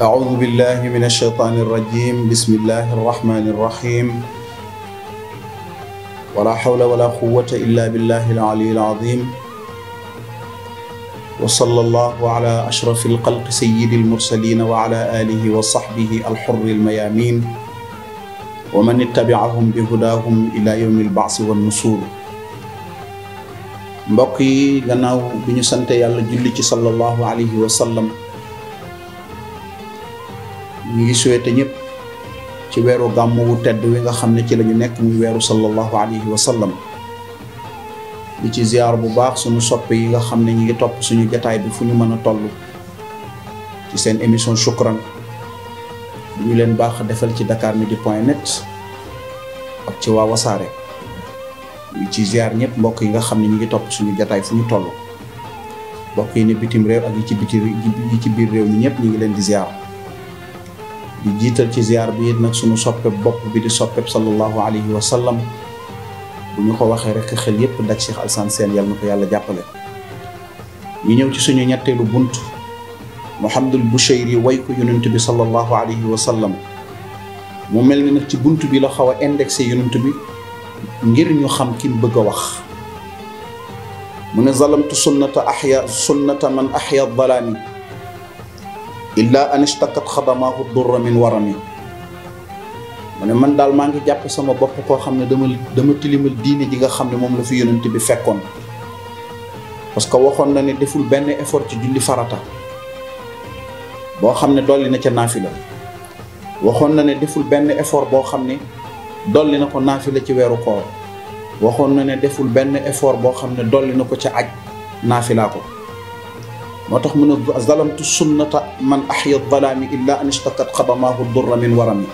أعوذ بالله من الشيطان الرجيم بسم الله الرحمن الرحيم ولا حول ولا قوة إلا بالله العلي العظيم وصلى الله على أشرف الخلق سيد المرسلين وعلى آله وصحبه الحر الميامين ومن اتبعهم بهداهم إلى يوم البعث والنصور mbokk yi gannaaw bi ñu sante yàlla julli ci sallallahu alayhi wa sallam ñu ngi souhaité ñëpp ci weeru gàmmu wu tedd wi nga xam ne ci lañu nekk muy weeru sallallahu alayhi wa sallam di ci ziar bu baax suñu sopp yi nga xam ne ñu ngi topp suñu jataay bi fu ñu mën a toll ci seen émission Shukran bu ñu leen baax defal ci dakarmidi.net ak ci waa wasaare ñu ci ziar ñëpp mbokk yi nga xam ne ñu ngi topp suñu jataay fu toll mbokk yi ne bitim réew ak yi ci biti ci biir réew ñi ñëpp ñu ngi leen di ziar di jiital ci ziar bi it nag suñu soppeb bopp bi di soppeb sallallahu alayhi wa sallam bu ñu ko waxee rek xel yépp daj Cheikh Alassane Sène yàlla na ko yàlla jàppale ñu ñëw ci suñu ñetteelu bunt Mouhamadul Bouchayri way ko yonent bi sallallahu alayhi wa sallam mu mel ni nag ci bunt bi la xaw a indexé yonent bi ngir ñu xam ki bëgg a wax mu ne zalamtu sunnata ahya sunnata man ahya dalaami illaa an ishtakat xadamaahu durra min warami mu ne man daal maa ngi jàpp sama bopp koo xam ne dama dama tilimal diine ji nga xam ne moom la fi yonent bi fekkoon parce que waxoon na ne deful benn effort ci julli farata boo xam ne dolli na ca naafila waxoon na ne deful benn effort boo xam ne dolli na ko naafila ci weeru koor waxoon na ne deful benn effort boo xam ne dolli na ko ca aj naafilaa ko moo tax mu ne zalamtu sunnata man ahya zalaami illa an ishtakat xadamaahu durra man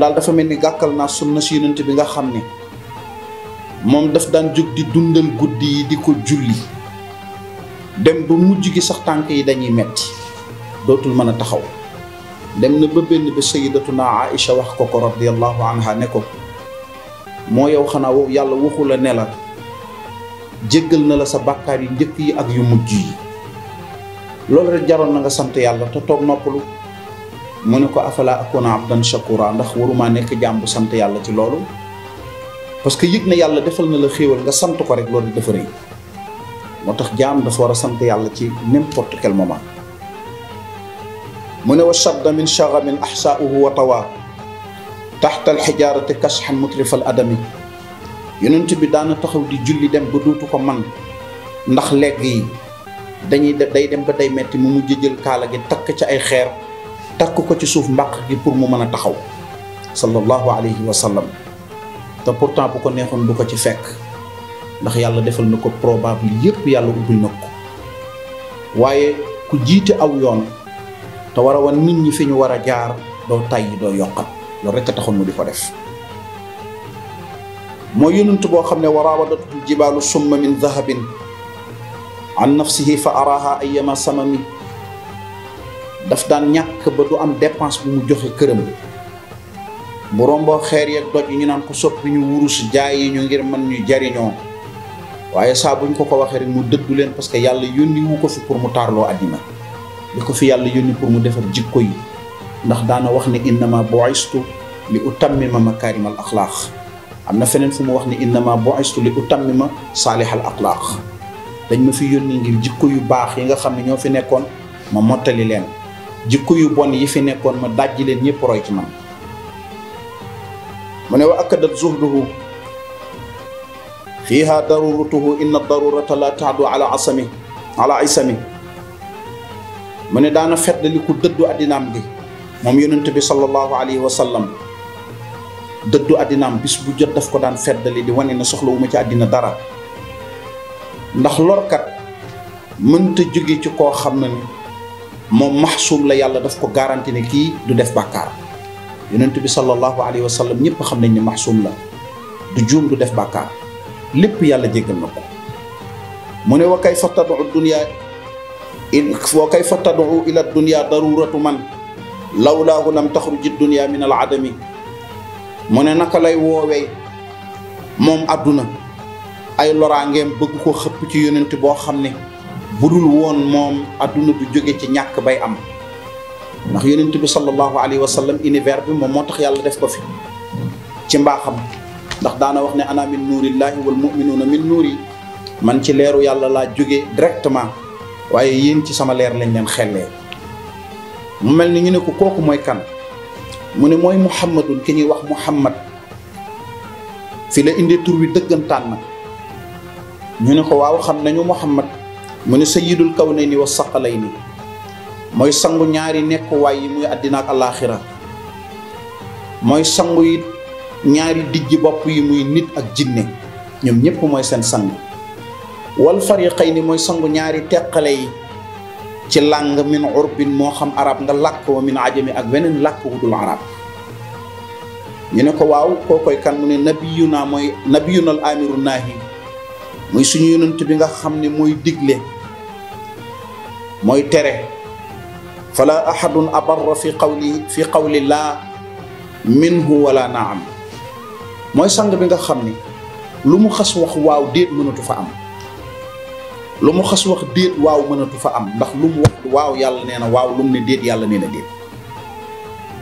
daal dafa mel ni gàkkal naa sunna si yonent bi nga xam ne moom daf daan jóg di dundal guddi yi di ko julli dem ba mujj gi sax tànk yi dañuy metti dootul mën a taxaw dem na ba benn ba sayidatuna Aïcha wax ko ko radiyallahu anha ne ko moo yow xanaa yàlla waxu la ne la jéggal na la sa bàkkaar yi njëkk yi ak yu mujj yi loolu rek jaroon na nga sant yàlla te toog noppalu mu ne ko afala akuna abdan shakura ndax waruma nekk jàmbu sant yàlla ci loolu parce que yëg na yàlla defal na la xéewal nga sant ko rek loolu dafa moo tax jaam dafa war sant yàlla ci n'importe quel moment mu ne wa shabda min shagamin axsaauhu wa tawa taxta alxijaarati kasxan mutrifal adami yonent bi daana taxaw di julli dem ba dootu ko man ndax legg yi dañuy day dem ba day metti mu mujj jël kaala gi takk ci ay xeer takk ko ci suuf mbàq gi pour mu mën a taxaw sallallahu alayhi wa sallam te pourtant bu ko neexoon du ko ci fekk ndax yàlla defal na ko probable yépp yàlla ubbil na ko waaye ku jiite aw yoon te war a wan nit ñi fi ñu war a jaar doo tàyyi doo yokkat loolu rekk a taxoon mu di ko def mooy yonent boo xam ne wa raawadatu ljibaalu summa min dahabin an nafsihi fa araha sama samami daf daan ñàkk ba du am dépense bu mu joxe këram bu romboo xeer yeeg doj yi ñu naan ko soppi ñu wurus jaay yi ñu ngir mën ñu jariñoo waaye saa buñ ko ko waxee rek mu dëddu leen parce que yàlla yónni wu ko fi pour mu taarloo àddina li ko fi yàlla yónni pour mu defar jikko yi ndax daana wax ne innama bu'istu li utammima makaarimal axlaaq am na feneen fu mu wax ni innama bu'istu li utammima saalihal axlaaq dañ ma fi yónni ngir jikko yu baax yi nga xam ne ñoo fi nekkoon ma mottali leen jikko yu bon yi fi nekkoon ma dajji leen ñëpp roy ci man mu ne wa akadat zuhduhu fiiha daruratuhu inna darurata la taadu ala asami ala mu ne daana feddali ku dëddu addinaam gi moom yonent bi sallallahu alayhi wa dëddu àddinaam bis bu jot daf ko daan feddali di wane na soxla wu ma ci àddina dara ndax lorkat mënta jóge ci koo xam na ni moom maxsuum la yàlla daf ko garanti ne kii du def bàkkaar yonent bi sallallahu alayhi wa sallam ñëpp xam nañ ni maxsuum la du juum du def bàkkaar lépp yàlla jéggal na ko mu ne wa kayfa tad'u dunya wa kayfa tad'u ila dunya daruratu man lawlaahu lam taxruji dunya min al adami mu ne naka lay woowee moom àdduna ay loraangeem bëgg ko xëpp ci yonent boo xam ne bu dul woon moom àdduna du jóge ci ñàkk bay am ndax yonent bi sallallahu alayhi wa sallam univers bi moom moo tax yàlla def ko fi ci mbaaxam ndax daana wax ne ana min nuurillahi wal muminuuna mi nuuri man ci leeru yàlla laa jóge directement waaye yéen ci sama leer lañ leen xellee mu mel ni ñu ne ko kooku mooy kan mu ne mooy muhammadun ki ñuy wax muhammad fi la indi tur wi dëggantaan nag ñu ne ko waaw xam nañu muhammad mu ne kaw na ni wax saqale saqalayni mooy sangu ñaari nekkuwaay yi muy àddina alaaxira mooy sangu yi ñaari dijji bopp yi muy nit ak jinne ñoom ñépp mooy seen sang wal ni mooy sangu ñaari teqale yi ci làng min urbin moo xam arab nga làkk wa min ajami ak weneen làkk wudul arab ñu ne ko waaw kookoy kan mu ne nabiyuna mooy nabiyunal amiru naahi muy suñu yonent bi nga xam ni mooy digle mooy tere fala ahadun abarra fi qawli fi qawli laa minhu wala naam mooy sang bi nga xam ni lu mu xas wax waaw déet mënatu fa am lu mu xas wax déet waaw mënatu fa am ndax lu mu wax waaw yàlla nee na waaw lu mu ne déet yàlla nee na déet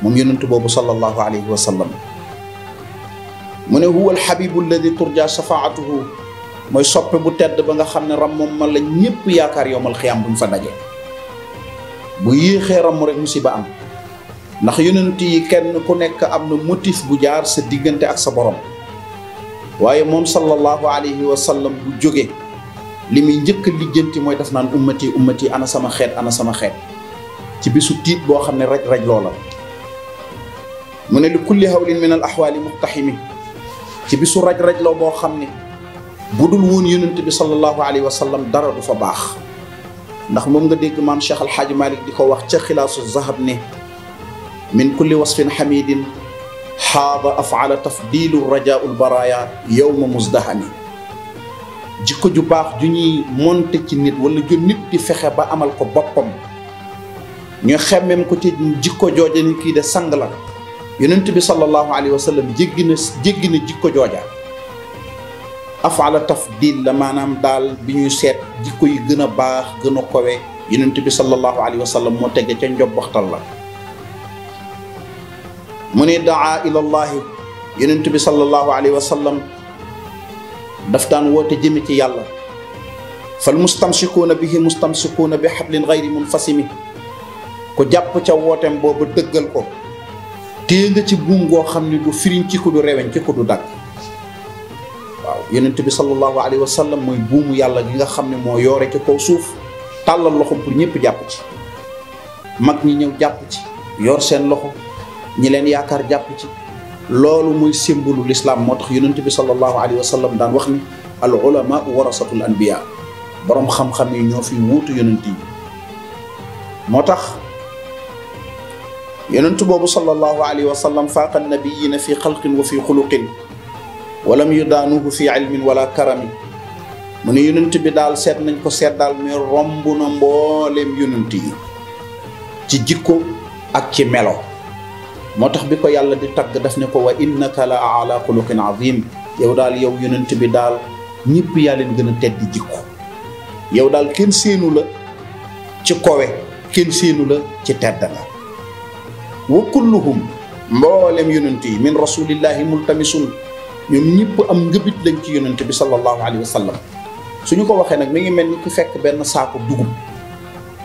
moom yonentu boobu sallallahu alayhi wa sallam mu ne huwa alxabibu alladi turja shafaatuhu mooy soppe bu tedd ba nga xam ne rammoom ma lañ ñépp yaakaar yowmal xiyaam buñ fa dajee bu yéexee ramm rek musiba am ndax yonent yi kenn ku nekk am na motif bu jaar sa diggante ak sa borom waaye moom sallallahu alayhi wa sallam bu jóge li muy njëkk a lijjanti mooy daf naan ummati ummati ana sama xeet ana sama xeet ci bisu tiit boo xam ne raj raj loola mu ne li kulli hawlin min al ahwaali muqtaximi ci bisu raj raj loo boo xam ne bu dul woon yonent bi sallallahu alayhi wa sallam dara du fa baax ndax moom nga dégg maam Cheikh Al Hadj Malick di ko wax ca xilaasu zahab ne min kulli wasfin xamidin xaada afaala tafdilu rajaul baraya yowma muzdahami jikko ju baax ju ñuy monte ci nit wala ju nit di fexe ba amal ko boppam ñu xemmem ko ci jikko jooja ni kii de sang la yonent bi sallallahu alayhi wa sallam jéggi na jéggi na jikko jooja afala tafdil la maanaam daal bi ñuy seet jikko yi gën a baax gën a kowe yonent bi sallallahu alayhi wa sallam moo tege ca njob waxtal la mu ne daa ilallahi yonent bi sallallahu alayhi wa sallam daf daan woote jëme ci yàlla fal mustamsikuuna bihi mustamsikuuna bi xablin xayri munfasimi ku jàpp ca wooteem boobu dëggal ko téye nga ci buum goo xam ne du firiñ ci ko du reweñ ci ku du dagg waaw yonent bi sallallahu alayhi wa sallam mooy buumu yàlla gi nga xam ne moo yoore ci kaw suuf tàllal loxo pour ñëpp jàpp ci mag ñi ñëw jàpp ci yor seen loxo ñi leen yaakaar jàpp ci loolu muy symbole lislaam moo tax yonent bi sallallahu alayhi wa daan wax ni al ulama warasatul anbiya boroom xam-xam yi ñoo fi wuutu yonent yi moo tax yonent boobu sallallahu alayhi wa sallam faaqa annabiyina fi xalqin wa fi xuluqin walam yu daanuhu fi ilmin wala karami mu ne yonent bi daal seet nañ ko seet daal mais romb na mbooleem yonent yi ci jikko ak ci melo moo tax bi ko yàlla di tagg daf ne ko wa innaka la ala xuluqin azim yow daal yow yonent bi daal ñëpp yàlla leen gën a tedd jikko yow daal kenn séenu la ci kowe kenn séenu la ci tedd la wa kulluhum mboolem yonent yi min rasulillahi multamisun ñoom ñëpp am ngëbit lañ ci yonent bi sallallahu alayhi wa su ñu ko waxee nag mi ngi mel ni ku fekk benn saako dugub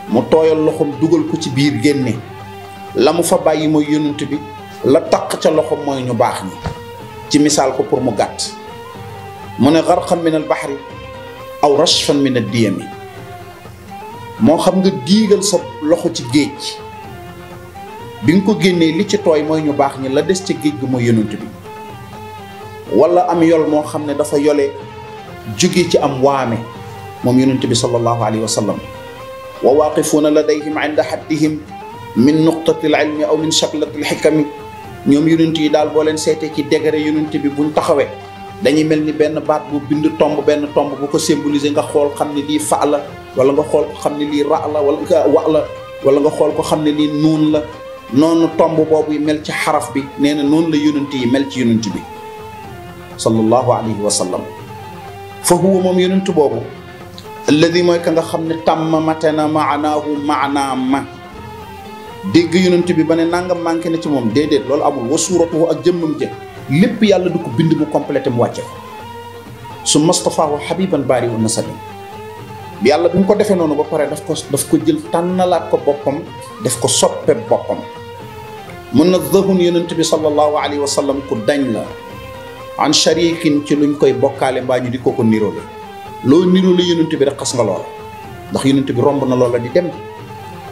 mu tooyal loxoom dugal ko ci biir génne la mu fa bàyyi mooy yonent bi la taq ca loxo mooy ñu baax ñi ci misaal ko pour mu gàtt mu ne xarxan min al baxri aw rashfan min moo xam nga diigal sa loxo ci géej bi nga ko génnee li ci tooy mooy ñu baax ñi la des ca géej gi mooy yonent bi wala am yol moo xam ne dafa yole jóge ci am waame moom yonent bi sallallahu alayhi wa sallam wa waaqifuuna ladayhim inda haddihim min nuqtatil ilmi aw min chaklatil xikami ñoom yonent yi daal boo leen seetee ci degré yonent bi bu buñ taxawee dañuy mel ni benn baat bu bind tomb benn tomb bu ko symboliser nga xool xam ne lii fa la wala nga xool ko xam ne lii ra wa wala nga xool ko xam ne lii nuun la noonu tomb boobu mel ci xaraf bi nee na noonu la yonent yi mel ci yonent bi sallallahu alayhi wa sallam fa huwa moom yonent boobu alladi mooy ka nga xam ne tàmm mate na maanaahu maanaam ma dégg yonant bi ba ne nangam manqué na ci moom déedéet loolu amul wa suuratuhu ak jëmmam ja lépp yàlla du ko bind mu complété mu wàcce ko su mustafaahu habiban baari u nasabi bi yàlla bi mu ko defee noonu ba pare daf ko daf ko jël tànnalaat ko boppam daf ko soppe boppam mën na dëhun yonent bi sallallahu alayhi wa sallam ku dañ la an sharikin ci luñ koy bokkaale mbaa ñu di ko ko niroole loo niroole yonent bi rek xas nga loola ndax yonent bi romb na la di dem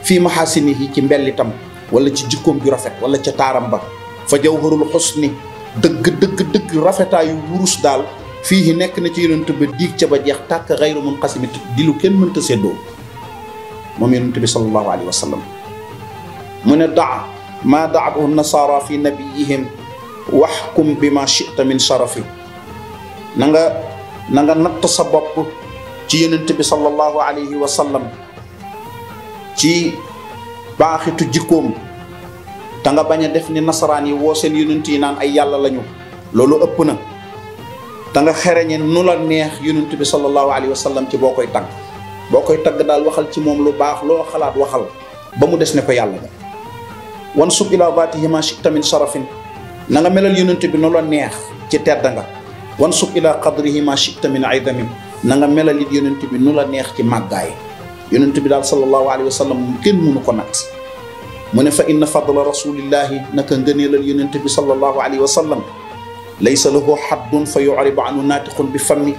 fii mahasinihi ci mbellitam wala ci jikkoom ju rafet wala ca taaram ba fa jawharul xusni dëgg dëgg dëgg rafetaayu wurus daal fii nekk na ci yonent ba diig ca ba jeex tàkk xayru mun xasimit di lu kenn mënta séddoo moom yonent bi sallallahu alayhi wa sallam mu ne daa maa daatu nasaara fi nabiyihim waxkum bi ma chita min sharafi na nga na nga natt sa bopp ci yonent bi sallallahu alayhi wa sallam ci baaxitu jikkoom te nga bañ a def ni nasaraan yi woo seen yonent yi naan ay yàlla lañu loolu ëpp na te nga xereñe nu la neex yonent bi sallallahu alayhi wa sallam ci boo koy tagg boo koy tagg daal waxal ci moom lu baax loo xalaat waxal ba mu des ne ko yàlla la wan sub ilaa baatihima shikta tamit sarafin na nga melal yonent bi nu la neex ci tedd nga wan sub ilaa qadrihima shikta min aidamin na nga melal it yonent bi nu la neex ci màggaay yonent bi daal sallallahu alayhi wa sallam kenn mënu ko nat mu ne fa inna fadla rasulillahi naka ngëneelal yonent bi sallallahu alayhi wa sallam laysa lahu xaddun fa yuribu anhu naatiqun bi fammi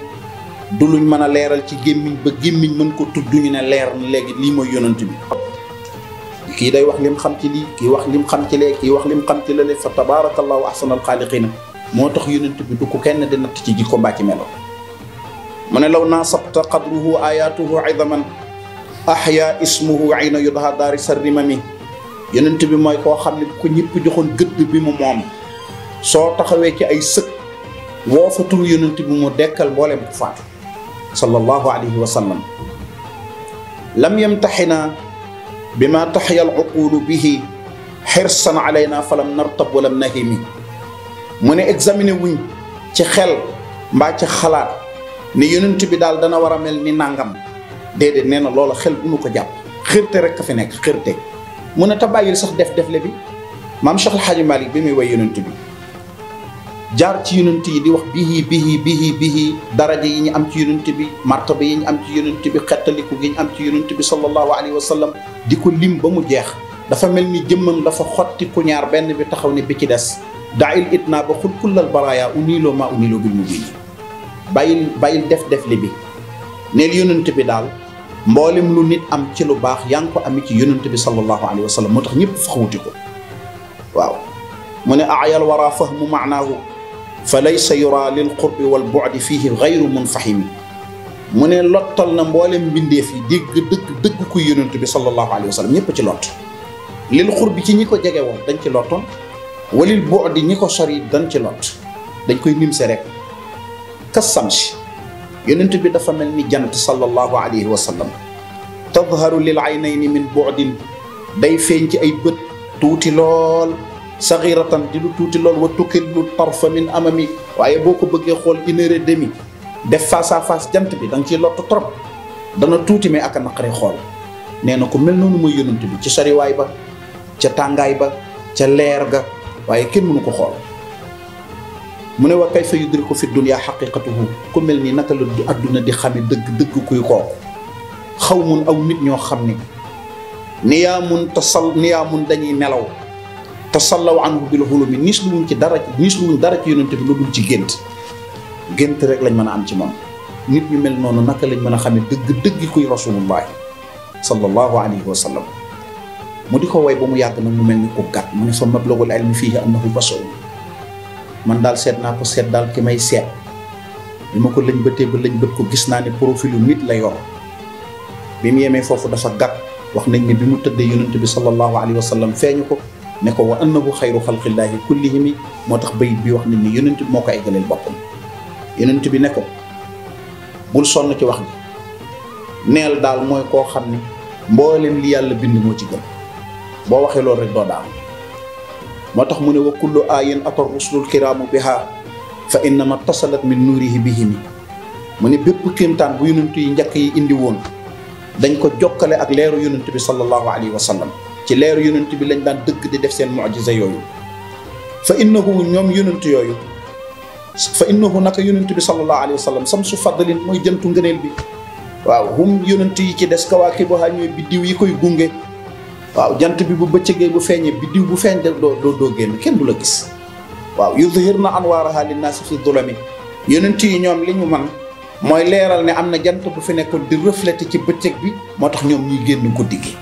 du luñ mën a leeral ci gémmiñ ba gémmiñ mën ko tudd ñu ne leer na léegi lii mooy yonent bi kii day wax lim xam ci lii kii wax lim xam ci lee kii wax lim xam ci lale fa tabaarakallahu ahsanal xaaliqina moo tax yonent bi du ko kenn di natt ci jikko mbaa ci melo mu ne law naa sabta qadruhu ayatuhu idaman ahya ismuhu ayna yudha daari sarrimami yonent bi mooy koo xam ne ko ñëpp joxoon gëdd bi mu moom soo taxawee ci ay sëg woo fa turu yonent bi mu dekkal mboolem ku faatu sallallahu alayhi wa sallam lam yamtaxina bima taxya alcuqulu bihi xirsan alayna falam nartab walam nahimi mu ne examiné wuñ ci xel mbaa ci xalaat ni ne yonent bi daal dana war a mel ni nàngam déedéet nee na loola xel bu nu ko jàpp xërte rek ka fi nekk xërte mu ne te bàyyil sax def defle bi maam Cheikh El Hadji bi muy way yonent bi jaar ci yonent yi di wax bihi bihi bihi bihi daraja yi ñu am ci yonent bi martaba yi ñu am ci yonent bi xettaliku gi ñu am ci yonent bi sallallahu alayhi wa di ko lim ba mu jeex dafa mel ni jëmmam dafa xotti ku ñaar benn bi taxaw ne bi ci des daayil it naa ba xut kullal baraaya uniiloo maa uniiloo bil mu bii bàyyil def def bi neel yonent bi daal mboolem lu nit am ci lu baax yaa ko amee ci yonent bi sallallahu alayhi wa sallam moo tax ñëpp faxawuti ko waaw mu ne ayal wara fahmu maanaahu fa laysa yura lil qurbi wal bu'di fihi gayru munfahimi mu ne lottal na mboolem mbindeef yi dégg dëgg dëgg ku yonent bi sallallahu alayhi wa sallam ñëpp ci lott lil qurbi ci ñi ko jege woon dañ ci lottoon walil bu'di ñi ko sori dañ ci lott dañ koy nimse rek kas samsi yonent bi dafa mel ni jant sallallahu alayhi wa sallam tadharu lil aynayni min bu'din day feeñ ci ay bët tuuti lool saxiratan di lu tuuti lool wa tukillu tarfa min amami waaye boo ko bëggee xool une heure et demi def face à jant bi da nga ciy lott trop dana tuuti mais ak a naqari xool nee na ko mel noonu mooy yonent bi ci sariwaay ba ca tàngaay ba ca leer ga waaye kenn mënu ko xool mu ne wa kayfa yudriku fi dunya xaqiqatuhu ku mel ni naka la adduna di xame dëgg dëgg kuy kooku xaw mun aw nit ñoo xam ni niyaamun tasal mun dañuy nelaw tasallaw anhu bil hulumi nis luwuñ ci dara nis luwuñ dara ci yonente bi lu dul ci gént gént rek lañ mën a am ci moom nit ñu mel noonu naka lañ mën a xame dëgg dëgg kuy rasulullahi sallallahu alayhi wa sallam mu di ko way ba mu yàgg nag mu mel ni ku gàtt mu ne fa mablagul ilmi fiihi man daal seet naa ko seet daal ki may seet bi ko lëñ bëtee ba lëñ bët ko gis naa ne profilu nit la yor bi mu yemee foofu dafa gàtt wax nañ ne bi mu tëddee yonent bi sallallahu alayhi wa sallam feeñu ko ne ko wa annahu xayru xalqillaahi kullihimi moo tax bayit bi wax nañ ne yonent bi moo ko eggaleel boppam yonent bi ne ko bul sonn ci wax bi neel daal mooy koo xam ne mboolem li yàlla bind moo ci gën boo waxee loolu rek doo daal moo tax mu ne wa kullu aayin ata rusulul kiraamu biha fa innama tasalat bi nuurihi bihimi mu ne bépp kéemtaan bu yonent yi njëkk yi indi woon dañ ko jokkale ak leeru yonent bi sallallahu alayhi wa sallam ci leeru yonent bi lañ daan dëgg di def seen mucjisa yooyu fa innahu ñoom yonent yooyu fa innahu naka yonent bi sallallahu alayhi wa sallam sam su faddalin mooy jëntu ngëneel bi waaw hum yonent yi ci des kawaakibuha ñooy biddiw yi gunge waaw jant bi bu bëccëgee bu feeñee biddiw bu feeñ def doo doo génn kenn du la gis waaw na yudhirna anwaaraha linnaasi fi dulami yonent yi ñoom li ñu man mooy leeral ne am na jant bu fi nekkoon di reflété ci bëccëg bi moo tax ñoom ñuy génn guddi gi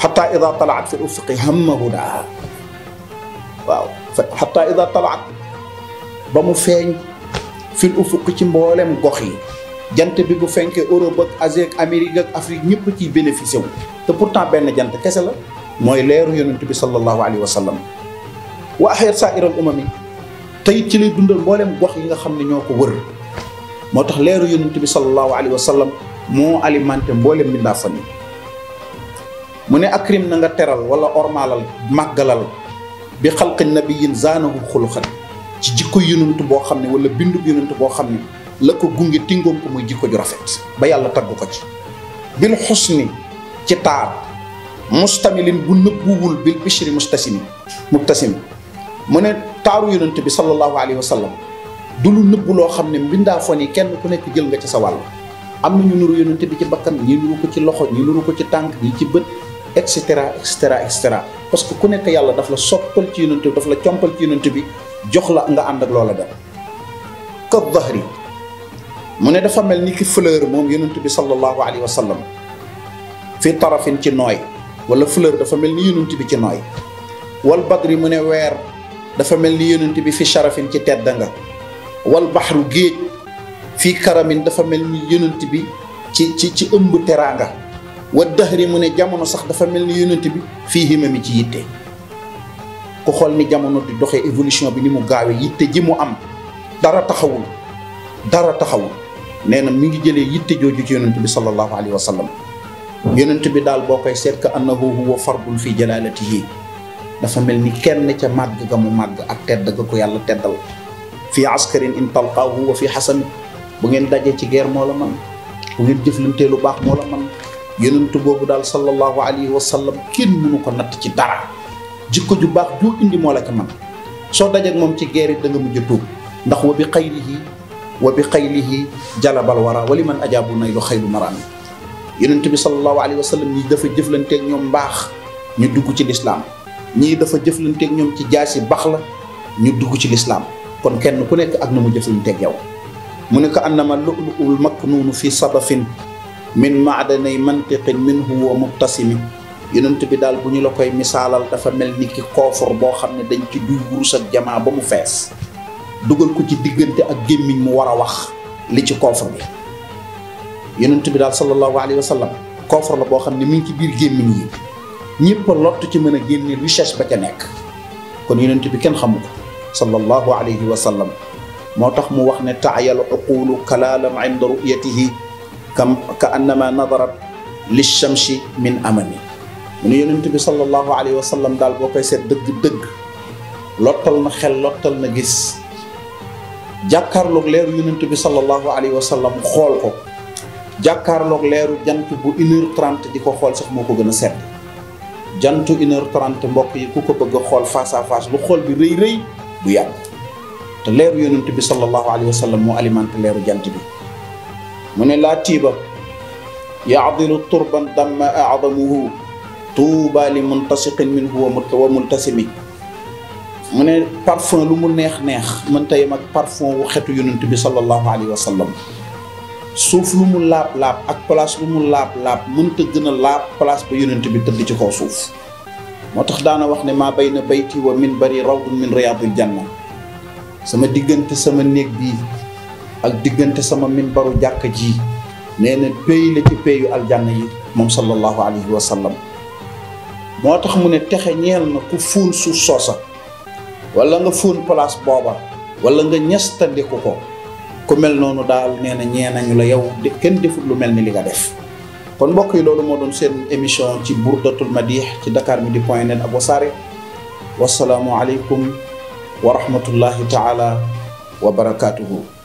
xata ida talaat fi ufuqi hammahu daa waaw xata ida talaat ba mu feeñ fi ufuqi ci mboolem gox yi jant bi bu fenkee Europe ak Asie ak Amérique ak Afrique ñëpp ciy bénéficié wu te pourtant benn jant kese la mooy leeru yonent bi sallallahu alayhi wa sallam wa axeer saairal umami tey ci lay dundal mbooleem gox yi nga xam ne ñoo ko wër moo tax leeru yonent bi sallallahu alayhi wa sallam moo alimenté mbooleem mbindaa fan mu ne akrim na nga teral wala ormalal màggalal bi na bi nabiyin zaanahu xuluxan ci jikko yonent boo xam ne wala bindub yonent boo xam ne la ko gunge tingoom ko muy jikko ju rafet ba yàlla tagg ko ci bil xusni ci taar mustamilin bu nëbbuwul bil bishri mustasimi mubtasim mu ne taaru yonent bi sallallahu alayhi wa sallam du lu nëbbu loo xam ne mbindaa fon yi kenn ku nekk jël nga ci sa wàll am na ñu nuru yonent bi ci bakkan ñi nuru ko ci loxo ñi nuru ko ci tànk bi ci bët et cetera et et cetera parce que ku nekk yàlla daf la soppal ci yonent bi daf la compal ci yonent bi jox la nga ànd loola dem mu ne dafa mel ni ki fleur moom yonent bi sallallahu alayhi wa sallam fi tarafin ci nooy wala fleur dafa mel ni yonent bi ci nooy wal badri mu ne weer dafa mel ni yonent bi fi sharafin ci tedd nga wal fii karamin dafa mel ni yonent bi ci ci ci ëmb teraanga wa dahri mu ne jamono sax dafa mel ni yonent bi fii himami ci yitte ku xool ni jamono di doxee évolution bi ni mu gaawee yitte ji mu am dara taxawul dara taxawul nee na mi ngi jëlee yitte jooju ci yonent bi sallallahu alayhi wa sallam yonent bi daal boo koy seet ka annahu huwa fardun fi jalaalatihi dafa mel ni kenn ca màgg ga mu màgg ak tedd ga ko yàlla teddal fii askarin in talqaahu wa fi xasan bu ngeen dajee ci guerre moo la man bu ngeen jëflantee lu baax moo la man yonent boobu daal sallallahu alayhi wa sallam kenn mënu ko natt ci dara jikko ju baax ju indi moo la ko man soo dajeek moom ci guerre yi da nga ndax wa bi xaylihi jalabal wara wali man ajaabu nay lu xaylu maraami yonent bi sallallahu alayhi wa sallam ñi dafa jëflanteeg ñoom mbaax ñu dugg ci lislaam ñii dafa jëflanteeg ñoom ci jaasi bax la ñu dugg ci lislaam kon kenn ku nekk ak na mu jëflanteeg yow mu ne ko annama lu'lu'ul maknuunu fi sadafin min maadanay mantiqin mu wa mubtasimi yonent bi daal bu ñu la koy misaalal dafa mel ni ki koofur boo xam ne dañ ci duy wurus ak jamaa ba mu fees dugal ko ci diggante ak gémmiñ mu war a wax li ci koofar bi yonent bi daal sallallahu alayhi wa sallam la boo xam ne mi ngi ci biir gémmiñ yi ñëpp lott ci mën a génne richesse ba ca nekk kon yonent bi kenn xamu ko sallallahu alayhi wa moo tax mu wax ne taayal uqulu kalaalam inda ru'yatihi kam ka annama nadarat lishamsi min amami mu ne yonent bi sallallahu alayhi wa daal boo koy seet dëgg-dëgg lottal na xel lottal na gis jàkkaarloog leeru yonent bi sallallahu alayhi wa sallam xool ko jàkkaarlook leeru jant bu une heure di ko xool sax moo ko gën a sedd jantu une heure trente mbokk yi ku ko bëgg xool face à lu xool bi rëy rëy bu yàgg te leeru yonent bi sallallahu alayhi wa sallam moo alimenté leeru jant bi mu ne laa tiiba ya yaadilu turban damma aadamuhu tuuba li muntasiqin minhu wa muntasimi mu ne parfum lu mu neex neex mën ta yem ak parfum wu xetu yonent bi sallallahu alayhi wa suuf lu mu laab laab ak place lu mu laab laab mënta gën a laab place ba yonent bi tëdd ci kaw suuf moo tax daana wax ne maa bayna bayti wa minbari rawdun min riyaadil janna sama diggante sama néeg bi ak diggante sama minbaru jàkk ji nee na pay la ci payu aljanna yi moom sallallahu alayhi wa sallam moo tax mu ne texe ñeel na ku fuul suuf soosa wala nga fóon place booba walla nga ñastandiku ko ku mel noonu daal nee na ñee nañu la yow kenn defut lu mel ni li nga def kon mbokk yi loolu moo doon seen émission ci burdatul madih ci ndakaar dakar midi point net ak wasaare wasalaamu aleykum wa rahmatullahi taala wa barakaatuhu